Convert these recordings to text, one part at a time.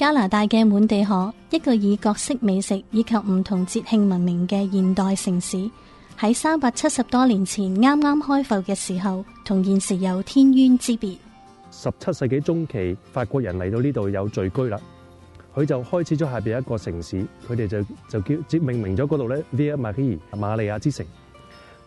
加拿大嘅滿地可，一個以各式美食以及唔同節慶聞名嘅現代城市，喺三百七十多年前啱啱開埠嘅時候，同現時有天淵之別。十七世紀中期，法國人嚟到呢度有聚居啦，佢就開始咗下邊一個城市，佢哋就就叫即命名咗嗰度咧，Via Marie，瑪利亞之城。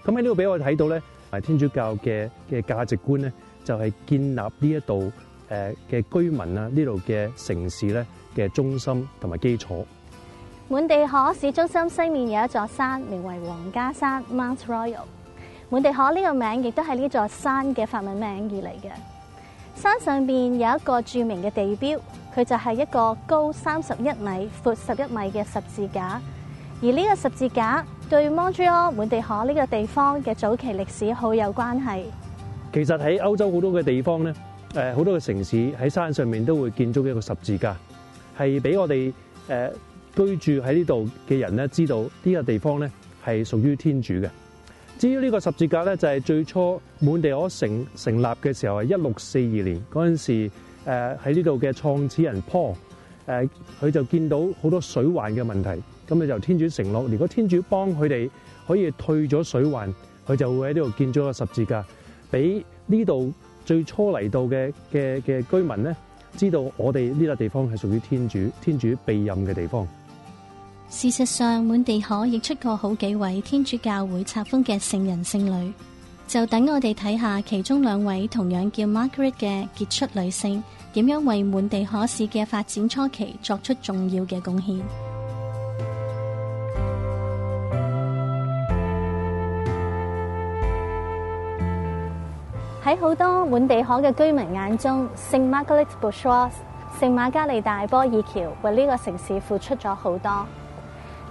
咁喺呢度俾我哋睇到咧，天主教嘅嘅價值觀咧，就係、是、建立呢一度。誒嘅居民啊，呢度嘅城市咧嘅中心同埋基礎。滿地可市中心西面有一座山，名為皇家山 （Mount Royal）。滿地可呢個名亦都係呢座山嘅法文名而嚟嘅。山上邊有一個著名嘅地標，佢就係一個高三十一米、闊十一米嘅十字架。而呢個十字架對 Montreal 滿地可呢個地方嘅早期歷史好有關係。其實喺歐洲好多嘅地方咧。誒好多嘅城市喺山上面都會建造一個十字架，係俾我哋誒居住喺呢度嘅人咧知道呢個地方咧係屬於天主嘅。至於呢個十字架咧，就係最初滿地可城成立嘅時候係一六四二年嗰陣時，喺呢度嘅創始人 Paul 誒，佢就見到好多水患嘅問題，咁咧由天主承諾，如果天主幫佢哋可以退咗水患，佢就會喺呢度建咗個十字架，俾呢度。最初嚟到嘅嘅嘅居民咧，知道我哋呢笪地方係屬於天主，天主庇蔭嘅地方。事實上，滿地可亦出過好幾位天主教會冊封嘅聖人聖女，就等我哋睇下其中兩位同樣叫 Margaret 嘅傑出女性，點樣為滿地可市嘅發展初期作出重要嘅貢獻。喺好多滿地可嘅居民眼中，聖馬加利大波爾橋，聖馬加利大波爾橋，為呢個城市付出咗好多。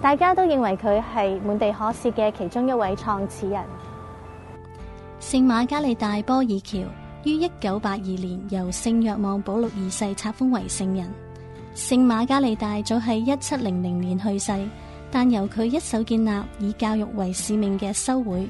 大家都認為佢係滿地可市嘅其中一位創始人。聖馬加利大波爾橋於一九八二年由聖約望保祿二世冊封為聖人。聖馬加利大早喺一七零零年去世，但由佢一手建立以教育為使命嘅修會。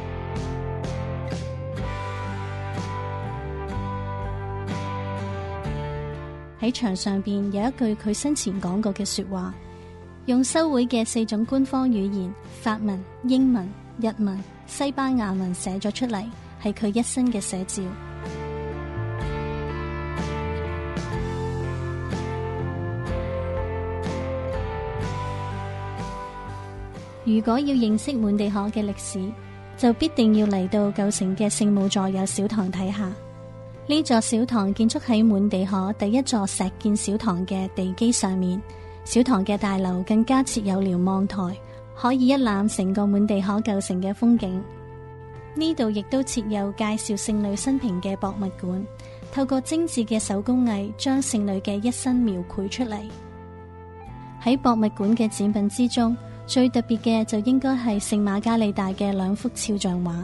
喺牆上邊有一句佢生前講過嘅說話，用修會嘅四種官方語言，法文、英文、日文、西班牙文寫咗出嚟，係佢一生嘅寫照。如果要認識滿地可嘅歷史，就必定要嚟到舊城嘅聖母座有小堂睇下。呢座小堂建築喺滿地可第一座石建小堂嘅地基上面，小堂嘅大樓更加設有瞭望台，可以一覽成個滿地可舊城嘅風景。呢度亦都設有介紹聖女生平嘅博物館，透過精緻嘅手工藝將聖女嘅一生描繪出嚟。喺博物館嘅展品之中，最特別嘅就應該係聖瑪加利大嘅兩幅肖像畫。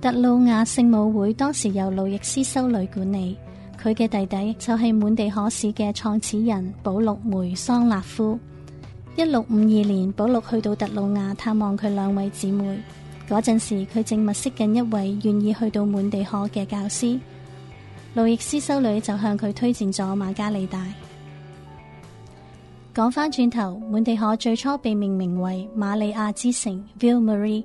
特魯亞聖母會當時由路易斯修女管理，佢嘅弟弟就係滿地可市嘅創始人保祿梅桑納夫。一六五二年，保祿去到特魯亞探望佢兩位姊妹，嗰陣時佢正物色緊一位願意去到滿地可嘅教師，路易斯修女就向佢推薦咗馬加利大。講翻轉頭，滿地可最初被命名為瑪利亞之城 （Ville Marie）。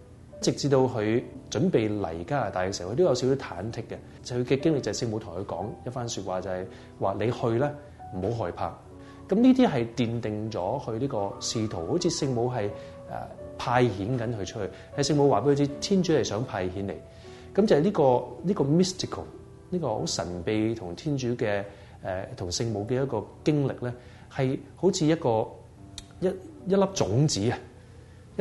直至到佢準備嚟加拿大嘅時候，佢都有少少忐忑嘅。就佢、是、嘅經歷就係聖母同佢講一番説話，就係、是、話你去咧，唔好害怕。咁呢啲係奠定咗佢呢個仕途，好似聖母係誒派遣緊佢出去。係聖母話俾佢知，天主係想派遣你。咁就係呢、這個呢、這個 mystical，呢個好神秘同天主嘅誒同聖母嘅一個經歷咧，係好似一個一一粒種子啊！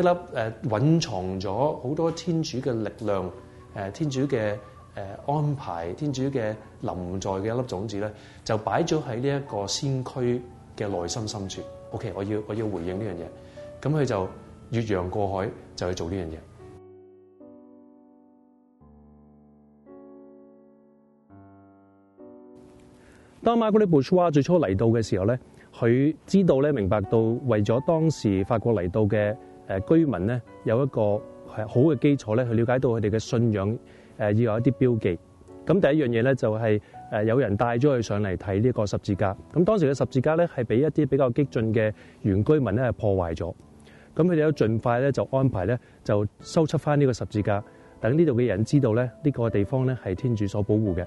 一粒誒，蘊藏咗好多天主嘅力量，誒，天主嘅誒安排，天主嘅臨在嘅一粒種子咧，就擺咗喺呢一個先驅嘅內心深處。OK，我要我要回應呢樣嘢。咁佢就越洋過海，就去做呢樣嘢。當馬可利布沙最初嚟到嘅時候咧，佢知道咧，明白到為咗當時法國嚟到嘅。誒居民咧有一個係好嘅基礎咧，去了解到佢哋嘅信仰誒，要有一啲標記。咁第一樣嘢咧，就係誒有人帶咗佢上嚟睇呢個十字架。咁當時嘅十字架咧，係俾一啲比較激進嘅原居民咧係破壞咗。咁佢哋都盡快咧，就安排咧就修葺翻呢個十字架，等呢度嘅人知道咧，呢個地方咧係天主所保護嘅。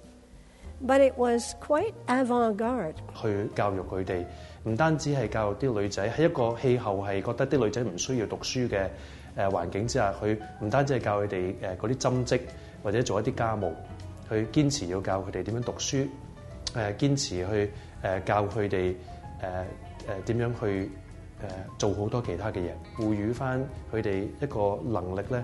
But it was quite avant-garde. 去教育佢哋，唔單止係教育啲女仔，喺一個氣候係覺得啲女仔唔需要讀書嘅誒環境之下，佢唔單止係教佢哋誒嗰啲針織或者做一啲家務，去堅持要教佢哋點樣讀書誒堅、呃、持去誒、呃、教佢哋誒誒點樣去誒、呃、做好多其他嘅嘢，賦予翻佢哋一個能力咧。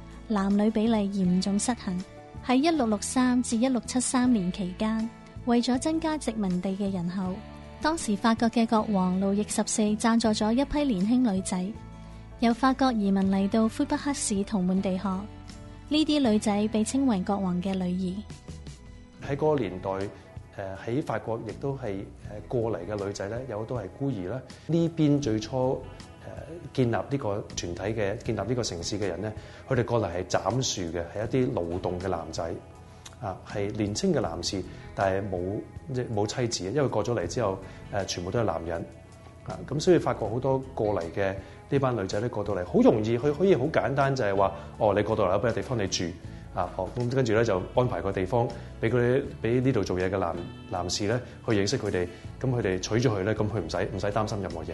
男女比例嚴重失衡，喺一六六三至一六七三年期間，為咗增加殖民地嘅人口，當時法國嘅國王路易十四贊助咗一批年輕女仔，由法國移民嚟到魁北克市同滿地可。呢啲女仔被稱為國王嘅女兒。喺嗰個年代，誒喺法國亦都係誒過嚟嘅女仔咧，有好多係孤兒啦。呢邊最初。誒建立呢個團體嘅建立呢個城市嘅人咧，佢哋過嚟係斬樹嘅，係一啲勞動嘅男仔啊，係年輕嘅男士，但係冇即冇妻子，因為過咗嚟之後，誒全部都係男人啊，咁所以發覺好多過嚟嘅呢班女仔咧過到嚟，好容易，佢可以好簡單就係話，哦，你過到嚟有個地方你住啊。咁、嗯、跟住咧就安排個地方俾佢哋，俾呢度做嘢嘅男男士咧去認識佢哋，咁佢哋娶咗佢咧，咁佢唔使唔使擔心任何嘢。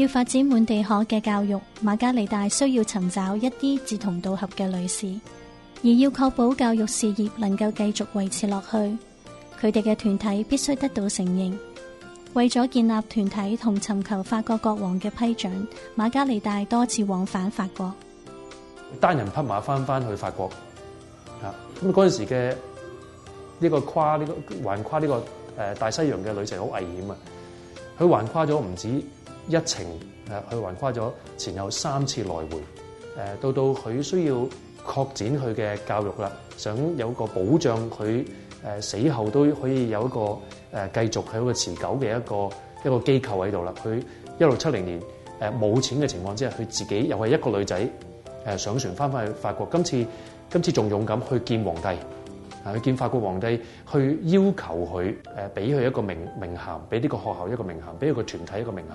要發展滿地可嘅教育，馬加利大需要尋找一啲志同道合嘅女士，而要確保教育事業能夠繼續維持落去，佢哋嘅團體必須得到承認。為咗建立團體同尋求法國國王嘅批准，馬加利大多次往返法國，單人匹馬翻翻去法國啊。咁嗰陣時嘅呢個跨呢個橫跨呢個誒大西洋嘅旅程好危險啊！佢橫跨咗唔止。一程誒去橫跨咗前後三次來回，誒、啊、到到佢需要擴展佢嘅教育啦，想有個保障佢誒、啊、死後都可以有一個誒、啊、繼續喺一個持久嘅一個一個機構喺度啦。佢一六七零年誒冇、啊、錢嘅情況之下，佢自己又係一個女仔誒、啊、上船翻返去法國，今次今次仲勇敢去見皇帝，啊，去見法國皇帝，去要求佢誒俾佢一個名名銜，俾呢個學校一個名銜，俾佢個團體一個名銜。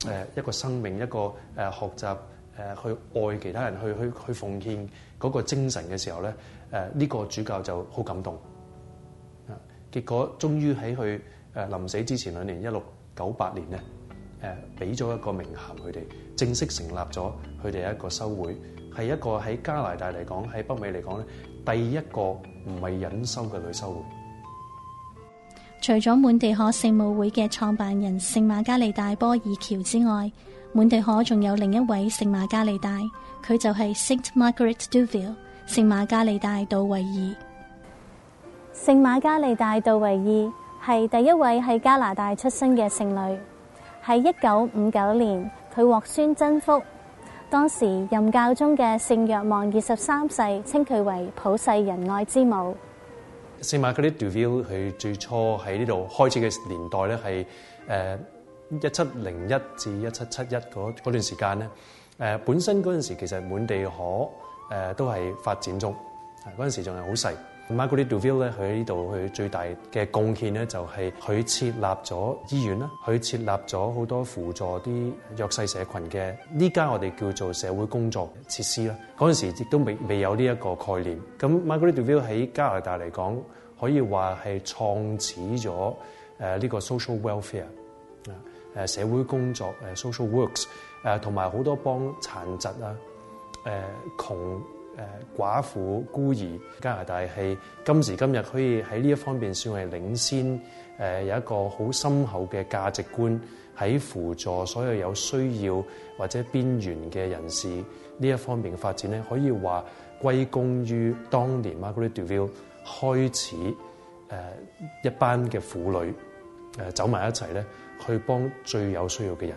誒一個生命，一個誒學習，誒去愛其他人，去去去奉獻嗰個精神嘅時候咧，誒呢個主教就好感動啊！結果終於喺佢誒臨死之前兩年，一六九八年咧，誒俾咗一個名銜佢哋，正式成立咗佢哋一個修會，係一個喺加拿大嚟講，喺北美嚟講咧，第一個唔係隱修嘅女修會。除咗滿地可聖母會嘅創辦人聖瑪加利大波爾喬之外，滿地可仲有另一位聖瑪加利大，佢就係 Saint Margaret Duville 聖瑪加利大杜維爾。聖瑪加利大杜維爾係第一位喺加拿大出生嘅聖女。喺一九五九年，佢獲宣真福。當時任教宗嘅聖若望二十三世稱佢為普世仁愛之母。四馬嗰啲 reveal，佢最初喺呢度開始嘅年代咧，係誒一七零一至一七七一嗰段時間咧，誒、呃、本身嗰陣時候其實滿地可誒、呃、都係發展中，嗰陣時仲係好細。Margaret Deville 咧，喺呢度，佢最大嘅貢獻咧，就係佢設立咗醫院啦，佢設立咗好多輔助啲弱勢社群嘅呢家我哋叫做社會工作設施啦。嗰陣時亦都未未有呢一個概念。咁 Margaret Deville 喺加拿大嚟講，可以話係創始咗誒呢個 social welfare 誒、呃、社會工作誒、呃、social works 誒同埋好多幫殘疾啊誒、呃、窮。誒寡婦孤兒，加拿大係今時今日可以喺呢一方面算係領先，誒有一個好深厚嘅價值觀，喺輔助所有有需要或者邊緣嘅人士呢一方面嘅發展咧，可以話歸功於當年 Margaret De Ville 開始誒一班嘅婦女誒走埋一齊咧，去幫最有需要嘅人。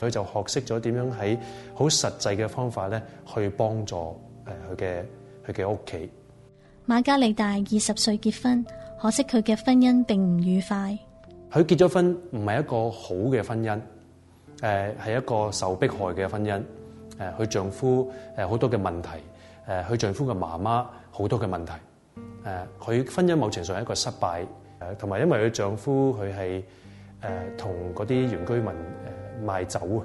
佢就學識咗點樣喺好實際嘅方法咧，去幫助誒佢嘅佢嘅屋企。瑪加利大二十歲結婚，可惜佢嘅婚姻並唔愉快。佢結咗婚唔係一個好嘅婚姻，誒係一個受迫害嘅婚姻。誒佢丈夫誒好多嘅問題，誒佢丈夫嘅媽媽好多嘅問題。誒佢婚姻某程度上係一個失敗，誒同埋因為佢丈夫佢係誒同嗰啲原居民。賣酒啊，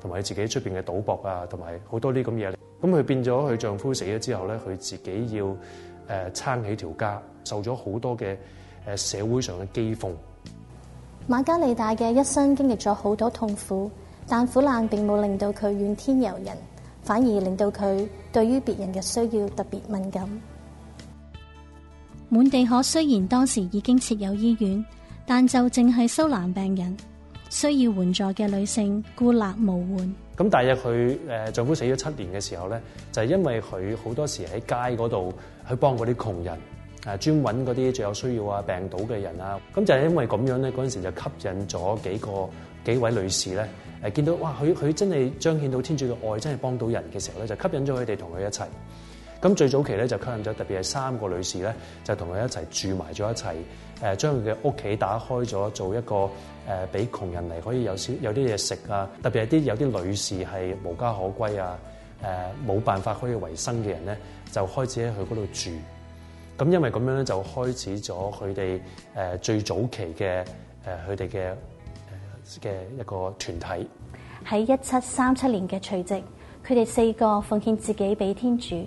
同埋自己出邊嘅賭博啊，同埋好多呢咁嘢。咁佢變咗，佢丈夫死咗之後咧，佢自己要誒撐起條家，受咗好多嘅誒社會上嘅譏諷。瑪加利大嘅一生經歷咗好多痛苦，但苦難並冇令到佢怨天尤人，反而令到佢對於別人嘅需要特別敏感。滿地可雖然當時已經設有醫院，但就淨係收難病人。需要援助嘅女性孤立無援。咁但係佢誒，丈、呃、夫死咗七年嘅時候咧，就係、是、因為佢好多時喺街嗰度去幫嗰啲窮人，誒、啊、專揾嗰啲最有需要啊病倒嘅人啊。咁就係因為咁樣咧，嗰陣時就吸引咗幾個幾位女士咧，誒、啊、見到哇，佢佢真係彰顯到天主嘅愛，真係幫到人嘅時候咧，就吸引咗佢哋同佢一齊。咁最早期咧，就吸引咗特別係三個女士咧，就同佢一齊住埋咗一齊。誒，將佢嘅屋企打開咗，做一個誒，俾、呃、窮人嚟可以有少有啲嘢食啊。特別係啲有啲女士係無家可歸啊，誒、呃、冇辦法可以為生嘅人咧，就開始喺佢嗰度住。咁因為咁樣咧，就開始咗佢哋誒最早期嘅誒佢哋嘅嘅一個團體，喺一七三七年嘅除夕，佢哋四個奉獻自己俾天主。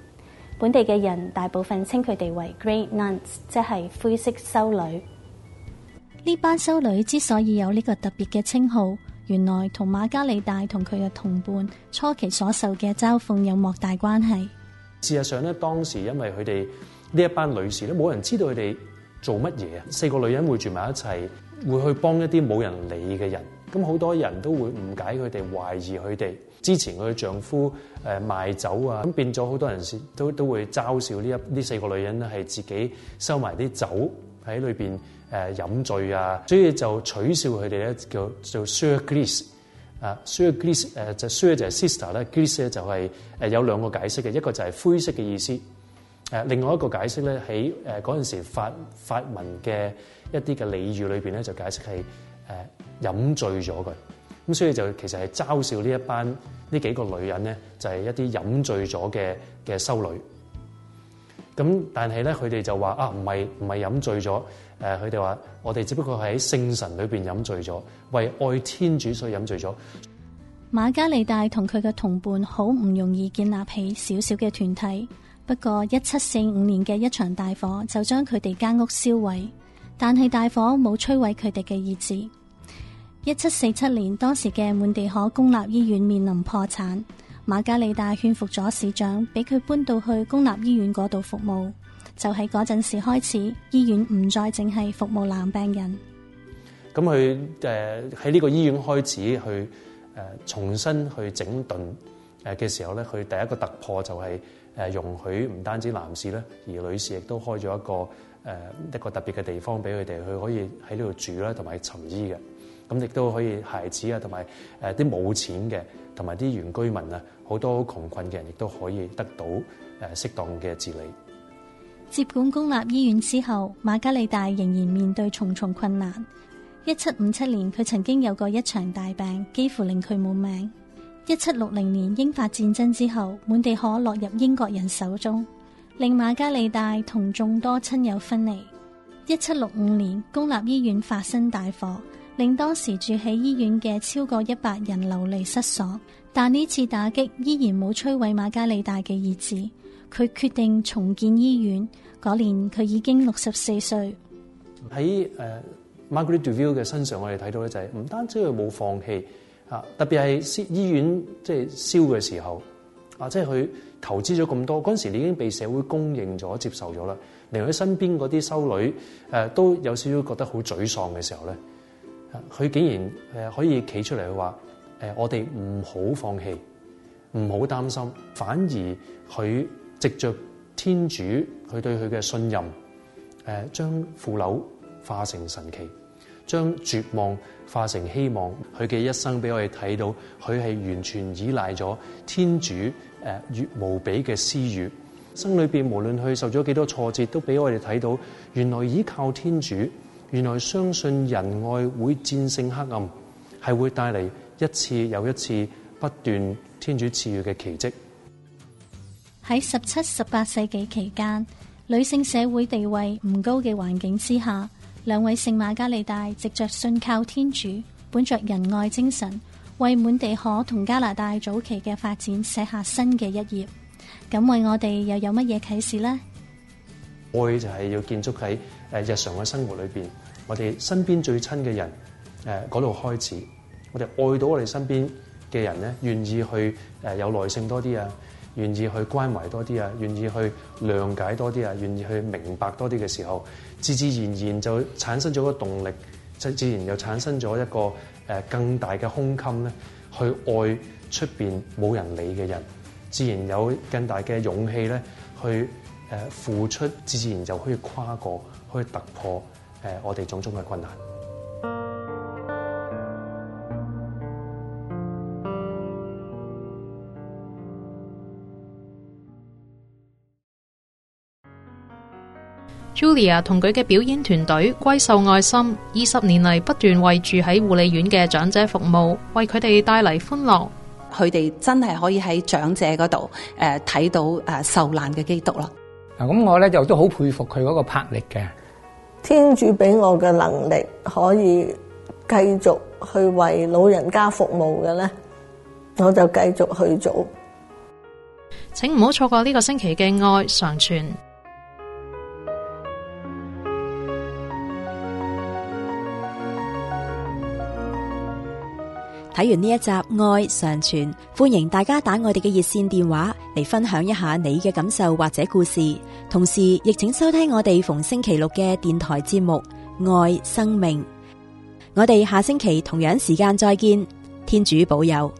本地嘅人大部分稱佢哋為 Grey Nuns，即係灰色修女。呢班修女之所以有呢個特別嘅稱號，原來同馬加利大同佢嘅同伴初期所受嘅嘲諷有莫大關係。事實上咧，當時因為佢哋呢一班女士咧，冇人知道佢哋做乜嘢啊。四個女人會住埋一齊，會去幫一啲冇人理嘅人，咁好多人都會誤解佢哋，懷疑佢哋。之前佢丈夫誒、呃、賣酒啊，咁變咗好多人士都都會嘲笑呢一呢四個女人咧係自己收埋啲酒喺裏邊誒飲醉啊，所以就取笑佢哋咧叫叫 sugar gliss 啊 sugar gliss 誒就 sugar 就係 sister 咧，gliss 咧就係誒有兩個解釋嘅，一個就係灰色嘅意思，誒、uh, 另外一個解釋咧喺誒嗰陣時法法文嘅一啲嘅俚語裏邊咧就解釋係誒、uh, 飲醉咗佢。咁所以就其實係嘲笑呢一班呢幾個女人咧，就係一啲飲醉咗嘅嘅修女。咁但係咧，佢哋就話啊，唔係唔係飲醉咗。誒、啊，佢哋話我哋只不過係喺聖神裏邊飲醉咗，為愛天主所飲醉咗。馬加利大同佢嘅同伴好唔容易建立起小小嘅團體，不過一七四五年嘅一場大火就將佢哋間屋燒毀，但係大火冇摧毀佢哋嘅意志。一七四七年，當時嘅滿地可公立醫院面臨破產，瑪加利大勸服咗市長，俾佢搬到去公立醫院嗰度服務。就喺嗰陣時開始，醫院唔再淨係服務男病人。咁佢誒喺呢個醫院開始去誒、呃、重新去整頓誒嘅時候咧，佢第一個突破就係誒容許唔單止男士咧，而女士亦都開咗一個誒、呃、一個特別嘅地方俾佢哋，佢可以喺呢度住啦，同埋尋醫嘅。咁亦都可以孩子啊，同埋誒啲冇錢嘅，同埋啲原居民啊，好多窮困嘅人，亦都可以得到誒適當嘅治理。接管公立醫院之後，瑪加利大仍然面對重重困難。一七五七年，佢曾經有過一場大病，幾乎令佢冇命。一七六零年，英法戰爭之後，滿地可落入英國人手中，令瑪加利大同眾多親友分離。一七六五年，公立醫院發生大火。令當時住喺醫院嘅超過一百人流離失所，但呢次打擊依然冇摧毀馬加利大嘅意志。佢決定重建醫院嗰年，佢已經六十四歲。喺誒 Margaret Duville 嘅身上我看，我哋睇到咧就係唔單止佢冇放棄啊，特別係醫院即係、就是、燒嘅時候啊，即係佢投資咗咁多嗰陣時，你已經被社會公認咗、接受咗啦。令佢身邊嗰啲修女誒都有少少覺得好沮喪嘅時候咧。佢竟然誒可以企出嚟話誒，我哋唔好放棄，唔好擔心，反而佢藉着天主佢對佢嘅信任誒，將腐朽化成神奇，將絕望化成希望。佢嘅一生俾我哋睇到，佢係完全依賴咗天主越無比嘅施予。心裏邊無論佢受咗幾多挫折，都俾我哋睇到，原來依靠天主。原來相信仁愛，會戰勝黑暗，係會帶嚟一次又一次不斷天主賜予嘅奇迹。喺十七、十八世紀期間，女性社會地位唔高嘅環境之下，兩位聖瑪加利大藉着信靠天主，本着仁愛精神，為滿地可同加拿大早期嘅發展寫下新嘅一頁。咁為我哋又有乜嘢啟示呢？愛就係要建築喺誒日常嘅生活裏邊。我哋身邊最親嘅人，誒嗰度開始，我哋愛到我哋身邊嘅人咧，願意去誒有耐性多啲啊，願意去關懷多啲啊，願意去諒解多啲啊，願意去明白多啲嘅時候，自自然然就產生咗個動力，即自然又產生咗一個誒更大嘅胸襟咧，去愛出邊冇人理嘅人，自然有更大嘅勇氣咧，去誒付出，自然就可以跨過，可以突破。誒，我哋種種嘅困難。Julia 同佢嘅表演團隊，歸受愛心二十年嚟不斷為住喺護理院嘅長者服務，為佢哋帶嚟歡樂。佢哋真係可以喺長者嗰度誒睇到誒受難嘅基督咯。嗱、嗯，咁我咧就都好佩服佢嗰個魄力嘅。天主畀我嘅能力，可以繼續去為老人家服務嘅呢，我就繼續去做。請唔好錯過呢個星期嘅愛常存。睇完呢一集《愛常存》，歡迎大家打我哋嘅熱線電話嚟分享一下你嘅感受或者故事。同時，亦請收聽我哋逢星期六嘅電台節目《愛生命》。我哋下星期同樣時間再見，天主保佑。